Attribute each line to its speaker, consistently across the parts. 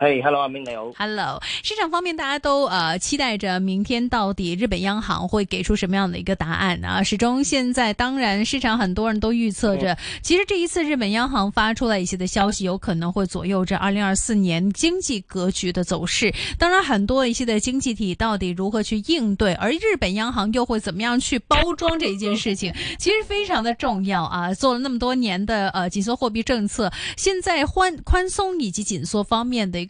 Speaker 1: 哎、
Speaker 2: hey，hello，阿明你好。hello，市場方面，大家都呃、uh, 期待着明天到底日本央行會給出什麼樣的一個答案啊，始終現在當然市場很多人都預測着，Yeah. 其實這一次日本央行發出來一些的消息，有可能會左右着2024年經濟格局的走勢。當然，很多一些的經濟體到底如何去應對，而日本央行又會怎麼樣去包裝這一件事情， 其實非常的重要啊。做了那麼多年的呃緊縮貨幣政策，現在寬寬鬆以及緊縮方面的一個。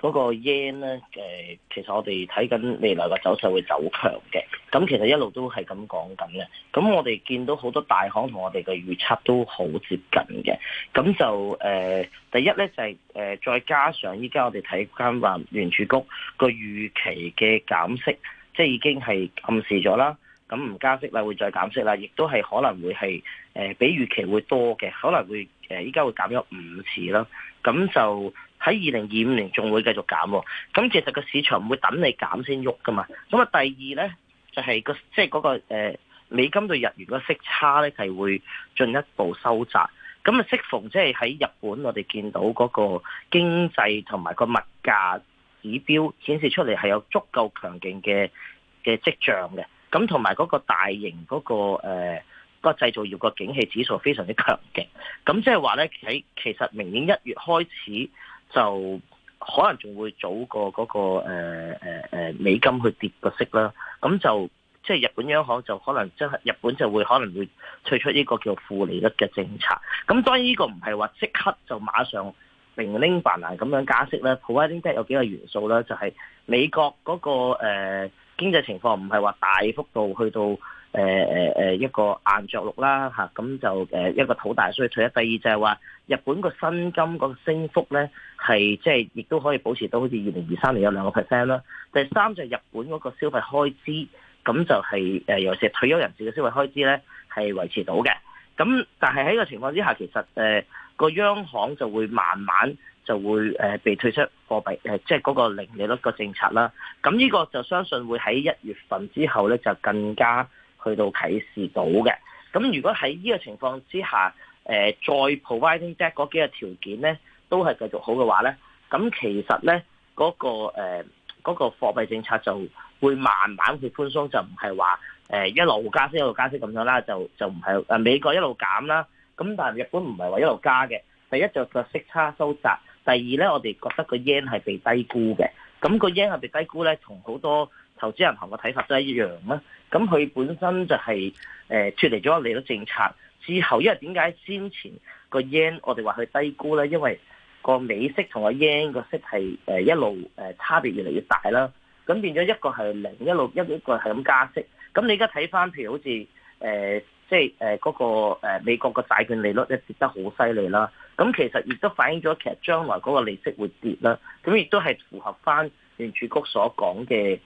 Speaker 1: 嗰個 yen 咧、呃，其實我哋睇緊未來個走勢會走強嘅，咁其實一路都係咁講緊嘅，咁我哋見到好多大行同我哋嘅預測都好接近嘅，咁就誒、呃，第一咧就係、是呃、再加上依家我哋睇翻話聯儲局個預期嘅減息，即、就、係、是、已經係暗示咗啦，咁唔加息啦，會再減息啦，亦都係可能會係誒、呃、比預期會多嘅，可能會誒依家會減咗五次啦，咁就。喺二零二五年仲會繼續減喎，咁其實個市場唔會等你減先喐噶嘛。咁啊，第二呢，就係個即係嗰個美金對日元個息差呢，係會進一步收窄。咁啊，適逢即係喺日本，我哋見到嗰個經濟同埋個物價指標顯示出嚟係有足夠強勁嘅嘅跡象嘅。咁同埋嗰個大型嗰個誒個個製造業個景氣指數非常之強勁。咁即係話呢，喺其實明年一月開始，就可能仲會早過嗰，那個誒誒，呃呃，美金去跌個息啦，咁就即係日本央行就可能即係日本就會可能會退出呢個叫負利率嘅政策，咁當然呢個唔係話即刻就馬上零零八難咁樣加息咧。好啊，應該有幾個元素啦，就係，是，美國嗰，那個誒，呃，經濟情況唔係話大幅度去到誒誒誒一個硬着陸啦，吓，啊，咁就誒，呃，一個土大衰退。第二就係話。日本個薪金個升幅咧，係即係亦都可以保持到好似二零二三年有兩個 percent 啦。第三就係日本嗰個消費開支，咁就係、是、誒尤其係退休人士嘅消費開支咧，係維持到嘅。咁但係喺呢個情況之下，其實誒、個央行就會慢慢就會誒被退出貨幣誒，即係嗰個零利率個政策啦。咁呢個就相信會喺一月份之後咧，就更加去到啟示到嘅。咁如果喺呢個情況之下，誒、呃、再 providing that 嗰幾個條件咧都係繼續好嘅話咧，咁其實咧嗰、嗰個誒嗰、呃嗰個貨幣政策就會慢慢去寬鬆，就唔係話誒一路加息一路加息咁樣啦，就就唔係美國一路減啦。咁但係日本唔係話一路加嘅，第一就個息差收窄，第二咧我哋覺得個 yen 係被低估嘅。咁、嗰個 yen 係被低估咧，同好多投資銀行嘅睇法都係一樣啦。咁佢本身就係誒脫離咗利率政策。之後，因為點解先前個 yen 我哋話佢低估咧？因為個美息同個 yen 個息係一路差別越嚟越大啦。咁變咗一個係零，一路一一個係咁加息。咁你而家睇翻，譬如好似即係誒嗰個美國個債券利率咧跌得好犀利啦。咁其實亦都反映咗其實將來嗰個利息會跌啦。咁亦都係符合翻聯儲局所講嘅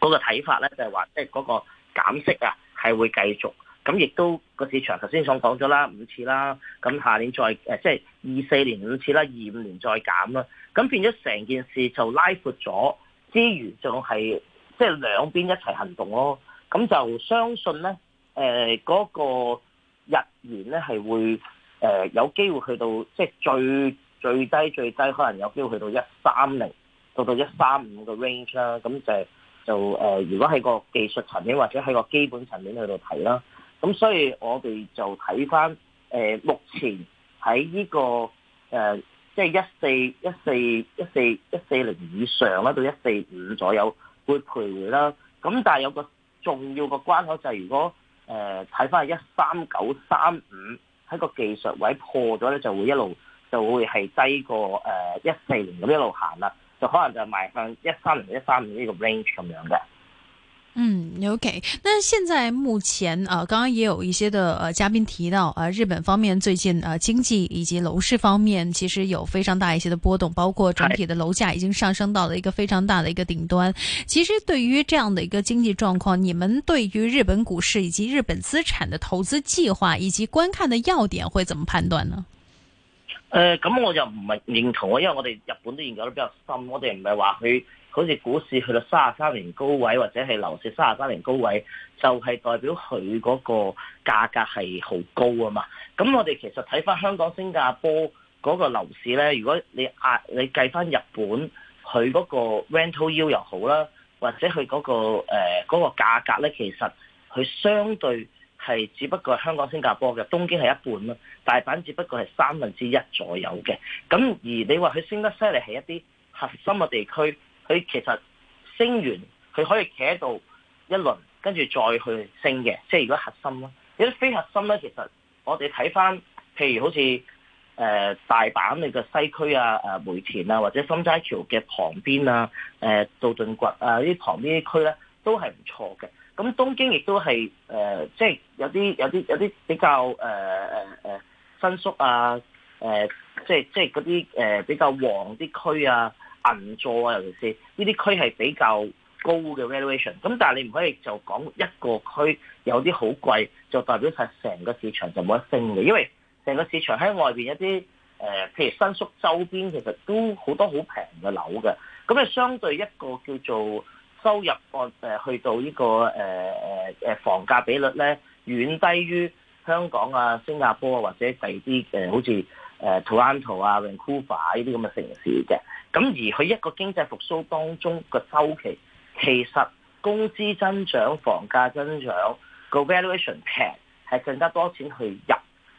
Speaker 1: 嗰個睇法咧，就係話即係嗰個減息啊係會繼續。咁亦都個市場頭先所講咗啦，五次啦，咁下年再誒，即係二四年五次啦，二五年再減啦，咁變咗成件事就拉闊咗，之餘仲係即係兩邊一齊行動咯，咁就相信咧，誒、呃、嗰、那個日元咧係會誒、呃、有機會去到即係、就是、最最低最低，最低可能有機會去到一三零到到一三五個 range 啦，咁就就誒、呃，如果喺個技術層面或者喺個基本層面去度睇啦。咁所以我哋就睇翻，誒、呃、目前喺呢、呢個誒，即係一四一四一四一四零以上啦，到一四五左右會徘徊啦。咁但係有個重要個關口就係如果誒睇翻一三九三五喺個技術位破咗咧，就會一路就會係低過誒一四零咁一路行啦，就可能就係邁向一三零一三五呢個 range 咁樣嘅。
Speaker 2: 嗯，OK。那現在目前啊，剛剛也有一些的呃嘉賓提到啊，日本方面最近啊經濟以及樓市方面其實有非常大一些的波動，包括整體的樓價已經上升到了一個非常大的一個頂端。是其實對於這樣的一個經濟狀況，你們對於日本股市以及日本資產的投資計劃以及觀看的要點會怎麼判斷呢？
Speaker 1: 呃，咁、嗯、我就唔係認同啊，因為我哋日本都研究得比較深，我哋唔係話佢。好似股市去到三十三年高位，或者係樓市三十三年高位，就係代表佢嗰個價格係好高啊嘛。咁我哋其實睇翻香港、新加坡嗰個樓市咧，如果你壓你計翻日本佢嗰個 rental yield 又好啦，或者佢嗰個誒嗰個價格咧，其實佢相對係只不過香港、新加坡嘅東京係一半啦，大阪只不過係三分之一左右嘅。咁而你話佢升得犀利係一啲核心嘅地區。佢其實升完，佢可以企喺度一輪，跟住再去升嘅。即係如果是核心啦，有啲非核心咧，其實我哋睇翻，譬如好似誒、呃、大阪你嘅西區啊、誒梅田啊，或者心齋橋嘅旁邊啊、誒、呃、道頓堀啊呢啲旁邊啲區咧，都係唔錯嘅。咁東京亦都係誒，即、呃、係、就是、有啲有啲有啲比較誒誒誒新宿啊、誒即係即係嗰啲誒比較旺啲區啊。銀座啊，尤其是呢啲區係比較高嘅 valuation，咁但係你唔可以就講一個區有啲好貴，就代表晒成個市場就冇得升嘅，因為成個市場喺外邊一啲誒，譬如新宿周邊其實都好多好平嘅樓嘅，咁啊相對一個叫做收入個誒去到呢個誒房價比率咧，遠低於香港啊、新加坡啊或者第啲嘅好似誒 Toronto 啊、Vancouver 啊呢啲咁嘅城市嘅。咁而佢一個經濟復甦當中個周期，其實工資增長、房價增長個 valuation 平，係更加多錢去入。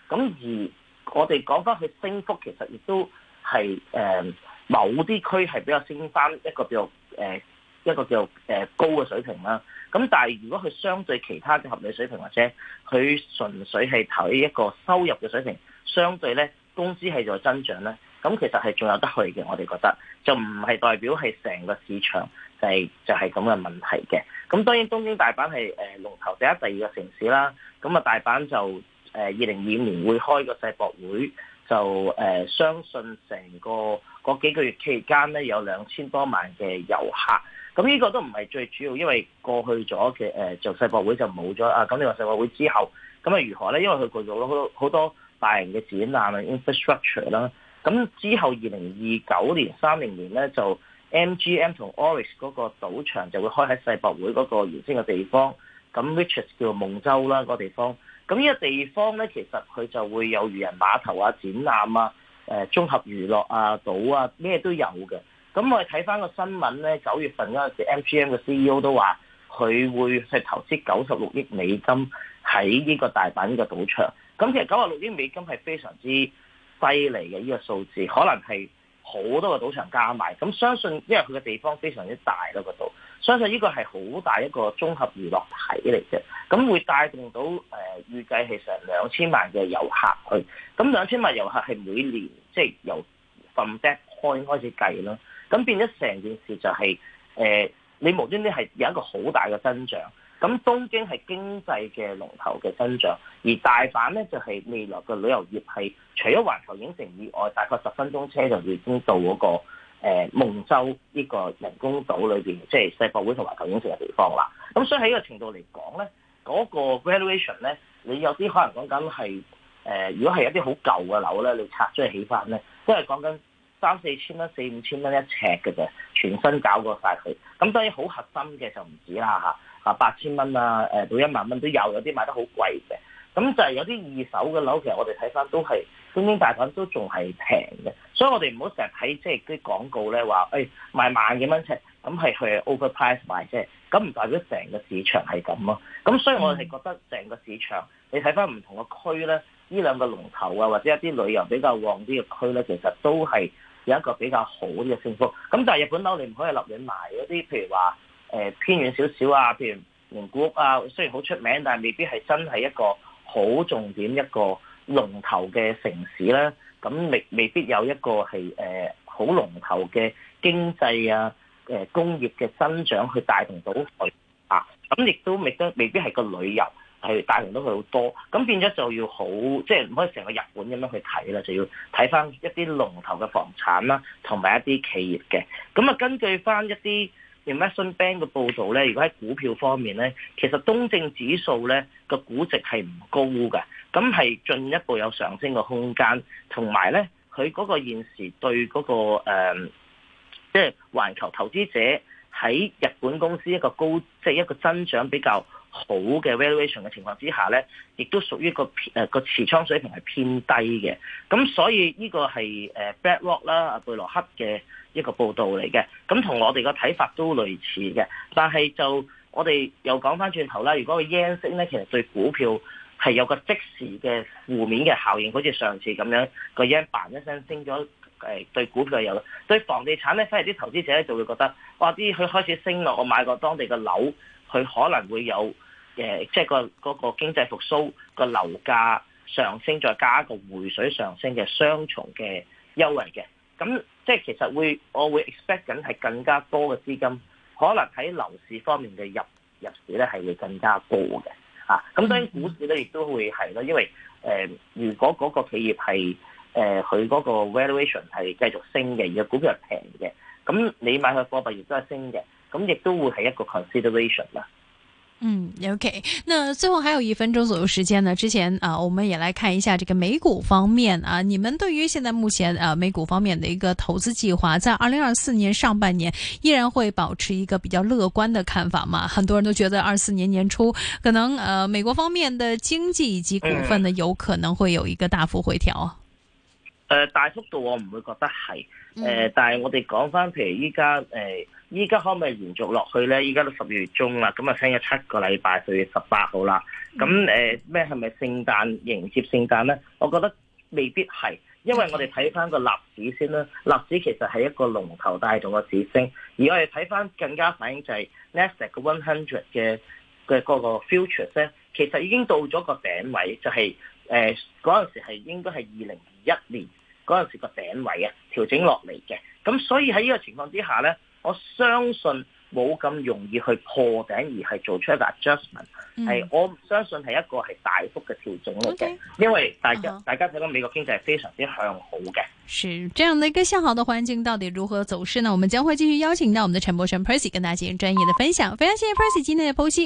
Speaker 1: 咁而我哋講翻佢升幅，其實亦都係呃、某啲區係比較升翻一個比較、呃、一個叫做一個叫做呃、高嘅水平啦。咁但係如果佢相對其他嘅合理水平或者佢純粹係睇一個收入嘅水平，相對咧工資係在增長咧。咁其實係仲有得去嘅，我哋覺得就唔係代表係成個市場係就係咁嘅問題嘅。咁當然東京大阪係龍頭第一、第二個城市啦。咁啊大阪就誒二零二五年會開個世博會，就、呃、相信成個嗰幾個月期間咧有兩千多萬嘅遊客。咁呢個都唔係最主要，因為過去咗嘅誒就世博會就冇咗啊。咁你話世博會之後咁啊如何咧？因為佢做咗好多好多大型嘅展覽啊，infrastructure 啦。咁之後，二零二九年、三零年咧，就 MGM 同 Orix 嗰個賭場就會開喺世博會嗰個原先嘅地方。咁 Riches 叫做夢洲啦，那個地方。咁、那、呢個地方咧，其實佢就會有漁人碼頭啊、展覽啊、誒綜合娛樂啊、賭啊，咩都有嘅。咁我哋睇翻個新聞咧，九月份嗰陣時，MGM 嘅 CEO 都話佢會係投資九十六億美金喺呢個大阪呢個賭場。咁其實九十六億美金係非常之低嚟嘅呢個數字，可能係好多個賭場加埋，咁相信因為佢嘅地方非常之大咯，嗰度相信呢個係好大的一個綜合娛樂體嚟嘅，咁會帶動到呃預計係成兩千萬嘅遊客去，咁兩千萬遊客係每年即係、就是、由 from that point 開始計咯，咁變咗成件事就係、是呃、你無端端係有一個好大嘅增長。咁東京係經濟嘅龍頭嘅增長，而大阪咧就係、是、未來嘅旅遊業係除咗環球影城以外，大概十分鐘車就已經到嗰、那個誒夢洲呢個人工島裏邊，即係世博會同環球影城嘅地方啦。咁所以喺呢個程度嚟講咧，嗰、那個 valuation 咧，你有啲可能講緊係誒，如果係一啲好舊嘅樓咧，你拆咗起翻咧，都係講緊三四千蚊、四五千蚊一尺嘅啫，全新搞過晒佢。咁所以好核心嘅就唔止啦嚇。啊，八千蚊啊，誒到一萬蚊都有，有啲買得好貴嘅。咁就係有啲二手嘅樓，其實我哋睇翻都係東京大阪都仲係平嘅。所以我哋唔好成日睇即係啲廣告咧話，誒、哎、賣萬幾蚊尺，咁係去 overprice 賣啫。咁唔代表成個市場係咁咯。咁所以我哋覺得成個市場，你睇翻唔同個區咧，呢兩個龍頭啊，或者一啲旅遊比較旺啲嘅區咧，其實都係有一個比較好啲嘅升幅。咁就係日本樓，你唔可以立亂買嗰啲，譬如話。誒偏遠少少啊，譬如名古屋啊，雖然好出名，但係未必係真係一個好重點一個龍頭嘅城市啦。咁未未必有一個係誒好龍頭嘅經濟啊，誒工業嘅增長去帶動到佢啊。咁亦都未得，未必係個旅遊係帶動到佢好多。咁變咗就要好，即係唔可以成個日本咁樣去睇啦，就要睇返一啲龍頭嘅房產啦，同埋一啲企業嘅。咁啊，根據返一啲。《The Morning Bank》嘅報導咧，如果喺股票方面咧，其實東證指數咧個估值係唔高嘅，咁係進一步有上升嘅空間，同埋咧佢嗰個現時對嗰個誒，即係環球投資者喺日本公司一個高，即係一個增長比較。好嘅 valuation 嘅情況之下咧，亦都屬於個誒個持倉水平係偏低嘅。咁所以呢個係誒 BlackRock 啦，阿貝羅克嘅一個報道嚟嘅。咁同我哋個睇法都類似嘅。但係就我哋又講翻轉頭啦，如果個 yen 升咧，其實對股票係有個即時嘅負面嘅效應，好似上次咁樣個 yen 彈一聲升咗，誒對股票有的。對房地產咧，反而啲投資者咧就會覺得，哇！啲佢開始升落，我買過當地嘅樓，佢可能會有。誒，即係個嗰個經濟復甦，個樓價上升，再加一個匯水上升嘅雙重嘅優惠嘅，咁即係其實會我會 expect 緊係更加多嘅資金可能喺樓市方面嘅入入市咧，係會更加高嘅，咁當然股市咧亦都會係咯，因為誒、呃，如果嗰個企業係誒佢嗰個 valuation 係繼續升嘅，而個股票係平嘅，咁你買佢貨幣亦都係升嘅，咁亦都會係一個 consideration 啦。
Speaker 2: 嗯，OK，那最後還有一分鐘左右時間呢。之前啊，我們也來看一下這個美股方面啊。你們對於現在目前啊美股方面的一個投資計劃，在二零二四年上半年依然會保持一個比較樂觀的看法嘛？很多人都覺得二四年年初可能呃、啊、美國方面的經濟以及股份呢，嗯、有可能會有一個大幅回調。呃，
Speaker 1: 大幅度我唔會覺得係、呃，但係我哋講翻，譬如依家呃依家可唔可以延續落去咧？依家都十二月中啦，咁啊剩咗七個禮拜，四月十八號啦。咁誒咩係咪聖誕迎接聖誕咧？我覺得未必係，因為我哋睇翻個納指先啦，納指其實係一個龍頭帶動個指升，而我哋睇翻更加反映就係 Nasdaq One Hundred 嘅嘅嗰個 Future 咧，其實已經到咗個頂位，就係誒嗰陣時係應該係二零二一年嗰陣時個頂位啊，調整落嚟嘅。咁所以喺呢個情況之下咧。我相信冇咁容易去破頂而係做出一個 adjustment，係、嗯，我唔相信係一個係大幅嘅調整咯，嘅，okay, 因為大家、uh huh. 大家睇到美國經濟係非常之向好嘅。
Speaker 2: 是這樣的，一個向好的環境到底如何走勢呢？我們將會繼續邀請到我們的陳柏軒 Percy 跟大家進行專業的分享。非常謝謝 Percy 今天的剖析。